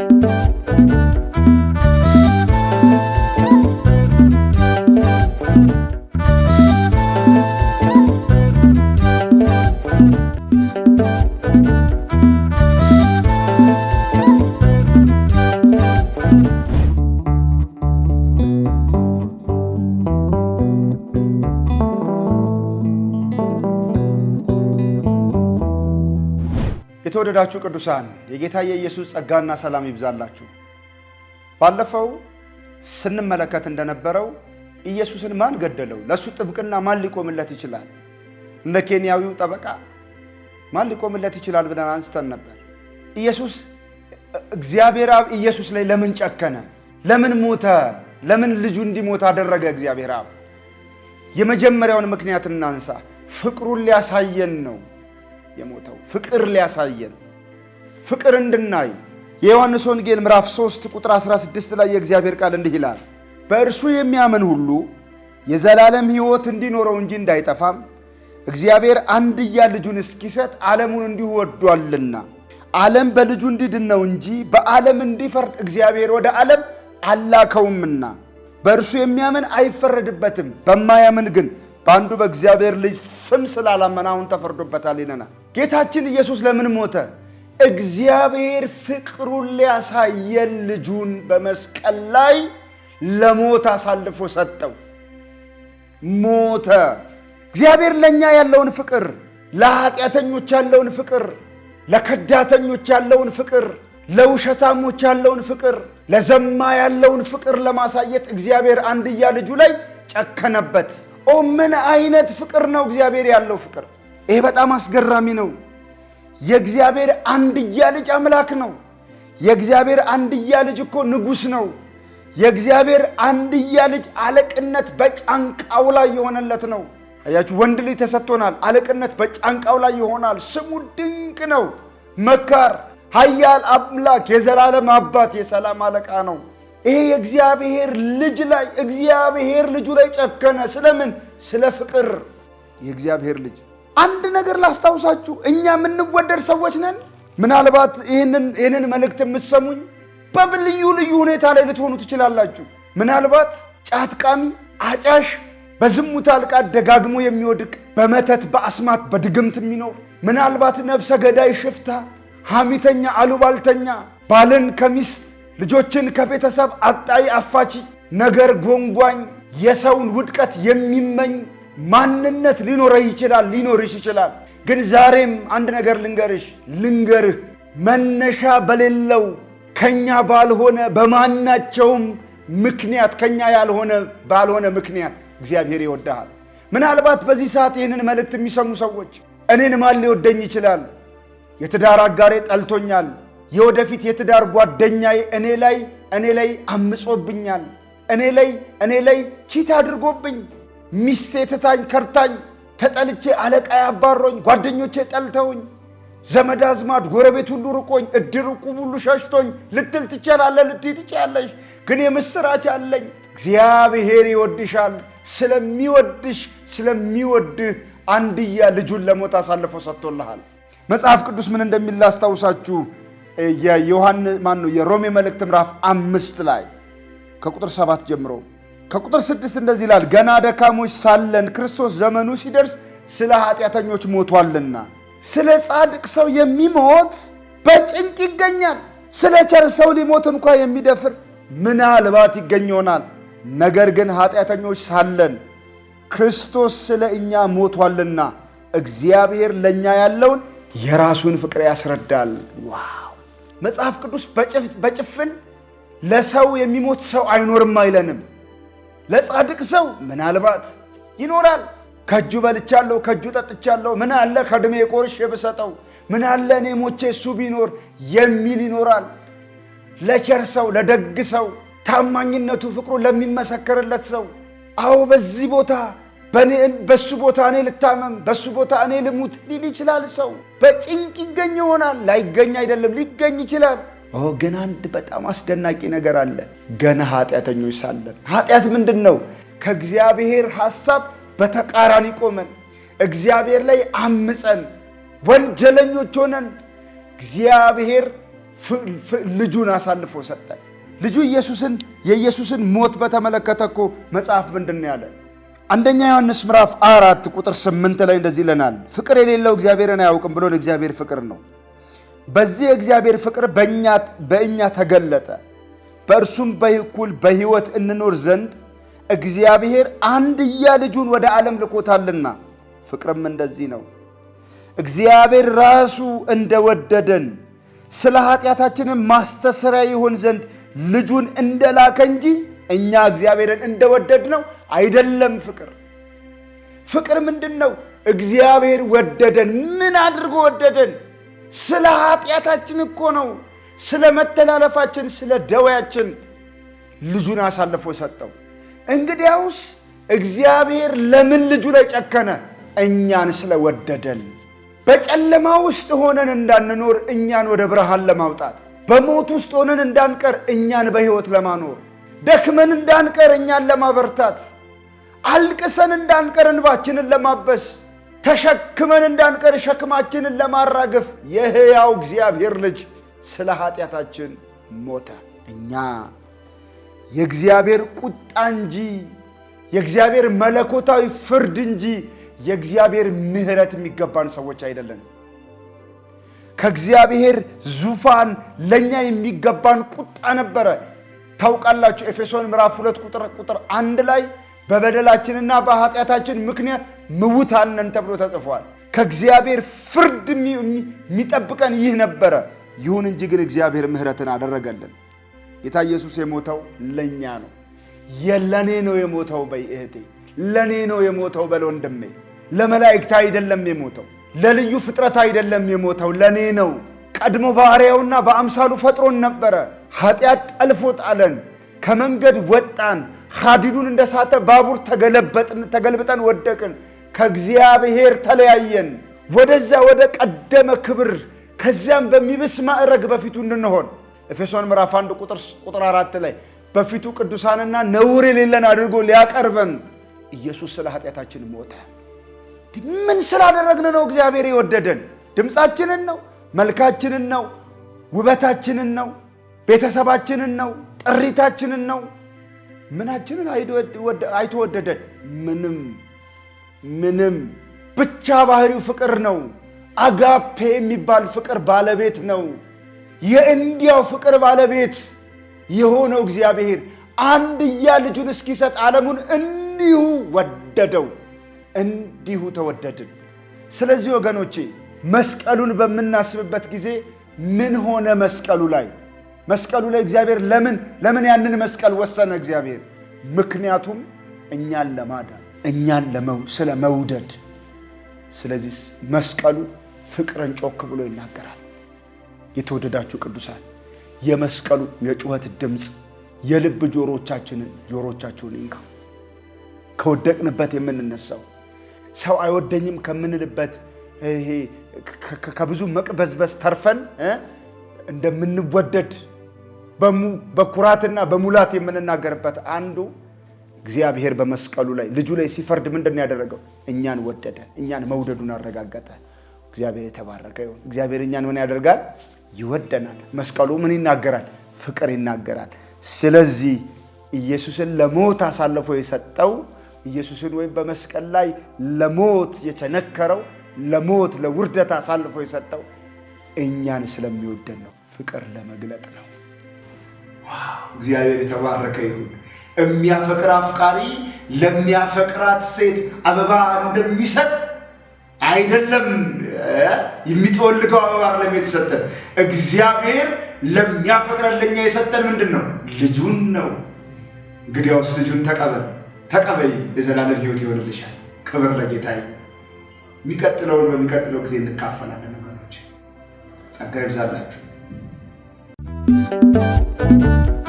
Thank you. የተወደዳችሁ ቅዱሳን የጌታ የኢየሱስ ጸጋና ሰላም ይብዛላችሁ። ባለፈው ስንመለከት እንደነበረው ኢየሱስን ማን ገደለው? ለእሱ ጥብቅና ማን ሊቆምለት ይችላል? እንደ ኬንያዊው ጠበቃ ማን ሊቆምለት ይችላል ብለን አንስተን ነበር። ኢየሱስ እግዚአብሔር አብ ኢየሱስ ላይ ለምን ጨከነ? ለምን ሞተ? ለምን ልጁ እንዲሞት አደረገ? እግዚአብሔር አብ የመጀመሪያውን ምክንያት እናንሳ። ፍቅሩን ሊያሳየን ነው። የሞተው ፍቅር ሊያሳየን ፍቅር እንድናይ የዮሐንስ ወንጌል ምዕራፍ 3 ቁጥር 16 ላይ የእግዚአብሔር ቃል እንዲህ ይላል፣ በእርሱ የሚያምን ሁሉ የዘላለም ሕይወት እንዲኖረው እንጂ እንዳይጠፋም እግዚአብሔር አንድያ ልጁን እስኪሰጥ ዓለሙን እንዲሁ ወዷልና ዓለም በልጁ እንዲድን ነው እንጂ በዓለም እንዲፈርድ እግዚአብሔር ወደ ዓለም አላከውምና በእርሱ የሚያምን አይፈረድበትም፣ በማያምን ግን በአንዱ በእግዚአብሔር ልጅ ስም ስላላመነ አሁን ተፈርዶበታል ይለናል። ጌታችን ኢየሱስ ለምን ሞተ? እግዚአብሔር ፍቅሩን ሊያሳየን ልጁን በመስቀል ላይ ለሞት አሳልፎ ሰጠው። ሞተ። እግዚአብሔር ለእኛ ያለውን ፍቅር፣ ለኃጢአተኞች ያለውን ፍቅር፣ ለከዳተኞች ያለውን ፍቅር፣ ለውሸታሞች ያለውን ፍቅር፣ ለዘማ ያለውን ፍቅር ለማሳየት እግዚአብሔር አንድያ ልጁ ላይ ጨከነበት። ኦ ምን አይነት ፍቅር ነው እግዚአብሔር ያለው ፍቅር! ይሄ በጣም አስገራሚ ነው። የእግዚአብሔር አንድያ ልጅ አምላክ ነው። የእግዚአብሔር አንድያ ልጅ እኮ ንጉሥ ነው። የእግዚአብሔር አንድያ ልጅ አለቅነት በጫንቃው ላይ የሆነለት ነው። አያችሁ፣ ወንድ ልጅ ተሰጥቶናል። አለቅነት በጫንቃው ላይ ይሆናል። ስሙ ድንቅ ነው። መካር፣ ኃያል አምላክ፣ የዘላለም አባት፣ የሰላም አለቃ ነው። ይሄ የእግዚአብሔር ልጅ ላይ እግዚአብሔር ልጁ ላይ ጨከነ። ስለምን? ስለ ፍቅር። የእግዚአብሔር ልጅ አንድ ነገር ላስታውሳችሁ፣ እኛ የምንወደድ ሰዎች ነን። ምናልባት ይህንን መልእክት የምትሰሙኝ በልዩ ልዩ ሁኔታ ላይ ልትሆኑ ትችላላችሁ። ምናልባት ጫት ቃሚ፣ አጫሽ፣ በዝሙት አልቃ ደጋግሞ የሚወድቅ በመተት በአስማት በድግምት የሚኖር ምናልባት ነፍሰ ገዳይ፣ ሽፍታ፣ ሐሚተኛ፣ አሉባልተኛ ባልን ከሚስት ልጆችን ከቤተሰብ አጣይ አፋች፣ ነገር ጎንጓኝ፣ የሰውን ውድቀት የሚመኝ ማንነት ሊኖረህ ይችላል፣ ሊኖርሽ ይችላል። ግን ዛሬም አንድ ነገር ልንገርሽ ልንገርህ መነሻ በሌለው ከኛ ባልሆነ በማናቸውም ምክንያት ከኛ ያልሆነ ባልሆነ ምክንያት እግዚአብሔር ይወድሃል። ምናልባት በዚህ ሰዓት ይህንን መልእክት የሚሰሙ ሰዎች እኔን ማን ሊወደኝ ይችላል? የትዳር አጋሬ ጠልቶኛል የወደፊት የትዳር ጓደኛዬ እኔ ላይ እኔ ላይ አምጾብኛል፣ እኔ ላይ እኔ ላይ ቺት አድርጎብኝ፣ ሚስቴ ትታኝ ከርታኝ፣ ተጠልቼ አለቃ ያባሮኝ፣ ጓደኞቼ ጠልተውኝ፣ ዘመድ አዝማድ ጎረቤት ሁሉ ርቆኝ፣ እድር ዕቁብ ሁሉ ሸሽቶኝ ልትል ትችላለህ፣ ልትይ ትችላለሽ። ግን የምስራች አለኝ፣ እግዚአብሔር ይወድሻል። ስለሚወድሽ ስለሚወድህ አንድያ ልጁን ለሞት አሳልፎ ሰጥቶልሃል። መጽሐፍ ቅዱስ ምን እንደሚል ላስታውሳችሁ። የዮሐንስ ማን ነው የሮሜ መልእክት ምዕራፍ አምስት ላይ ከቁጥር ሰባት ጀምሮ ከቁጥር ስድስት እንደዚህ ይላል፣ ገና ደካሞች ሳለን ክርስቶስ ዘመኑ ሲደርስ ስለ ኃጢአተኞች ሞቷልና፣ ስለ ጻድቅ ሰው የሚሞት በጭንቅ ይገኛል። ስለ ቸር ሰው ሊሞት እንኳ የሚደፍር ምናልባት ይገኝ ይሆናል። ነገር ግን ኃጢአተኞች ሳለን ክርስቶስ ስለ እኛ ሞቷልና፣ እግዚአብሔር ለእኛ ያለውን የራሱን ፍቅር ያስረዳል። መጽሐፍ ቅዱስ በጭፍን ለሰው የሚሞት ሰው አይኖርም አይለንም። ለጻድቅ ሰው ምናልባት ይኖራል። ከእጁ በልቻለሁ፣ ከእጁ ጠጥቻለሁ፣ ምን አለ ከዕድሜ ቆርሼ ብሰጠው፣ ምን አለ እኔ ሞቼ እሱ ቢኖር የሚል ይኖራል። ለቸር ሰው፣ ለደግ ሰው፣ ታማኝነቱ ፍቅሩ ለሚመሰከርለት ሰው አዎ በዚህ ቦታ በሱ ቦታ እኔ ልታመም፣ በሱ ቦታ እኔ ልሙት ሊል ይችላል። ሰው በጭንቅ ይገኝ ይሆናል፣ ላይገኝ አይደለም፣ ሊገኝ ይችላል። ግን አንድ በጣም አስደናቂ ነገር አለ። ገና ኃጢአተኞች ሳለን ኃጢአት ምንድን ነው? ከእግዚአብሔር ሐሳብ በተቃራኒ ቆመን እግዚአብሔር ላይ አምፀን ወንጀለኞች ሆነን እግዚአብሔር ልጁን አሳልፎ ሰጠን። ልጁ ኢየሱስን የኢየሱስን ሞት በተመለከተ እኮ መጽሐፍ ምንድን ነው ያለ? አንደኛ ዮሐንስ ምዕራፍ አራት ቁጥር ስምንት ላይ እንደዚህ ይለናል፣ ፍቅር የሌለው እግዚአብሔርን አያውቅም ብሎን እግዚአብሔር ፍቅር ነው። በዚህ የእግዚአብሔር ፍቅር በእኛ ተገለጠ፣ በእርሱም በኩል በሕይወት እንኖር ዘንድ እግዚአብሔር አንድያ ልጁን ወደ ዓለም ልኮታልና። ፍቅርም እንደዚህ ነው፣ እግዚአብሔር ራሱ እንደወደደን ስለ ኃጢአታችንም ማስተሰሪያ ይሆን ዘንድ ልጁን እንደላከ እንጂ እኛ እግዚአብሔርን እንደወደድ ነው አይደለም ፍቅር። ፍቅር ምንድን ነው? እግዚአብሔር ወደደን። ምን አድርጎ ወደደን? ስለ ኃጢአታችን እኮ ነው፣ ስለ መተላለፋችን፣ ስለ ደዌያችን ልጁን አሳልፎ ሰጠው። እንግዲያውስ እግዚአብሔር ለምን ልጁ ላይ ጨከነ? እኛን ስለወደደን። በጨለማ ውስጥ ሆነን እንዳንኖር እኛን ወደ ብርሃን ለማውጣት፣ በሞት ውስጥ ሆነን እንዳንቀር እኛን በሕይወት ለማኖር፣ ደክመን እንዳንቀር እኛን ለማበርታት አልቅሰን እንዳንቀር እንባችንን ለማበስ ተሸክመን እንዳንቀር ሸክማችንን ለማራገፍ የሕያው እግዚአብሔር ልጅ ስለ ኃጢአታችን ሞተ። እኛ የእግዚአብሔር ቁጣ እንጂ የእግዚአብሔር መለኮታዊ ፍርድ እንጂ የእግዚአብሔር ምሕረት የሚገባን ሰዎች አይደለን። ከእግዚአብሔር ዙፋን ለእኛ የሚገባን ቁጣ ነበረ። ታውቃላችሁ ኤፌሶን ምዕራፍ ሁለት ቁጥር ቁጥር አንድ ላይ በበደላችንና በኃጢአታችን ምክንያት ምውታን ነን ተብሎ ተጽፏል። ከእግዚአብሔር ፍርድ የሚጠብቀን ይህ ነበረ። ይሁን እንጂ ግን እግዚአብሔር ምሕረትን አደረገልን። ጌታ ኢየሱስ የሞተው ለእኛ ነው። የለኔ ነው የሞተው በይ እህቴ፣ ለኔ ነው የሞተው በል ወንድሜ። ለመላእክት አይደለም የሞተው፣ ለልዩ ፍጥረት አይደለም የሞተው፣ ለኔ ነው። ቀድሞ ባህሪያውና በአምሳሉ ፈጥሮን ነበረ። ኃጢአት ጠልፎ ጣለን፣ ከመንገድ ወጣን። ሀዲዱን እንደሳተ ባቡር ተገለበጥን፣ ተገልብጠን ወደቅን፣ ከእግዚአብሔር ተለያየን። ወደዛ ወደ ቀደመ ክብር ከዚያም በሚብስ ማዕረግ በፊቱ እንድንሆን ኤፌሶን ምዕራፍ 1 ቁጥር 4 ላይ በፊቱ ቅዱሳንና ነውር የሌለን አድርጎ ሊያቀርበን ኢየሱስ ስለ ኃጢአታችን ሞተ። ምን ስላደረግን ነው እግዚአብሔር የወደደን? ድምፃችንን ነው? መልካችንን ነው? ውበታችንን ነው? ቤተሰባችንን ነው? ጥሪታችንን ነው? ምናችንን አይተወደደን ምንም ምንም ብቻ ባህሪው ፍቅር ነው። አጋፔ የሚባል ፍቅር ባለቤት ነው። የእንዲያው ፍቅር ባለቤት የሆነው እግዚአብሔር አንድያ ልጁን እስኪሰጥ ዓለሙን እንዲሁ ወደደው፣ እንዲሁ ተወደድን። ስለዚህ ወገኖቼ መስቀሉን በምናስብበት ጊዜ ምን ሆነ መስቀሉ ላይ መስቀሉ ላይ እግዚአብሔር ለምን ለምን ያንን መስቀል ወሰነ? እግዚአብሔር ምክንያቱም እኛን ለማዳን እኛን ስለ መውደድ። ስለዚህ መስቀሉ ፍቅርን ጮክ ብሎ ይናገራል። የተወደዳችሁ ቅዱሳን የመስቀሉ የጩኸት ድምፅ የልብ ጆሮቻችንን ጆሮቻችሁን ይንካ። ከወደቅንበት የምንነሳው ሰው አይወደኝም ከምንልበት ከብዙ መቅበዝበዝ ተርፈን እንደምንወደድ በኩራትና በሙላት የምንናገርበት አንዱ እግዚአብሔር በመስቀሉ ላይ ልጁ ላይ ሲፈርድ ምንድን ነው ያደረገው? እኛን ወደደ። እኛን መውደዱን አረጋገጠ። እግዚአብሔር የተባረከ ይሁን። እግዚአብሔር እኛን ምን ያደርጋል? ይወደናል። መስቀሉ ምን ይናገራል? ፍቅር ይናገራል። ስለዚህ ኢየሱስን ለሞት አሳልፎ የሰጠው ኢየሱስን ወይም በመስቀል ላይ ለሞት የቸነከረው ለሞት ለውርደት አሳልፎ የሰጠው እኛን ስለሚወደን ነው። ፍቅር ለመግለጥ ነው። እግዚአብሔር የተባረከ ይሁን። የሚያፈቅር አፍቃሪ ለሚያፈቅራት ሴት አበባ እንደሚሰጥ አይደለም የሚጠወልገው አበባ ለም የተሰጠን እግዚአብሔር ለሚያፈቅረን ለኛ የሰጠን ምንድን ነው? ልጁን ነው። እንግዲያውስ ልጁን ተቀበል ተቀበይ፣ የዘላለም ሕይወት ይሆንልሻል። ክብር ለጌታ። የሚቀጥለውን በሚቀጥለው ጊዜ እንካፈላለን። ወገኖች ጸጋ ይብዛላችሁ። Thank you.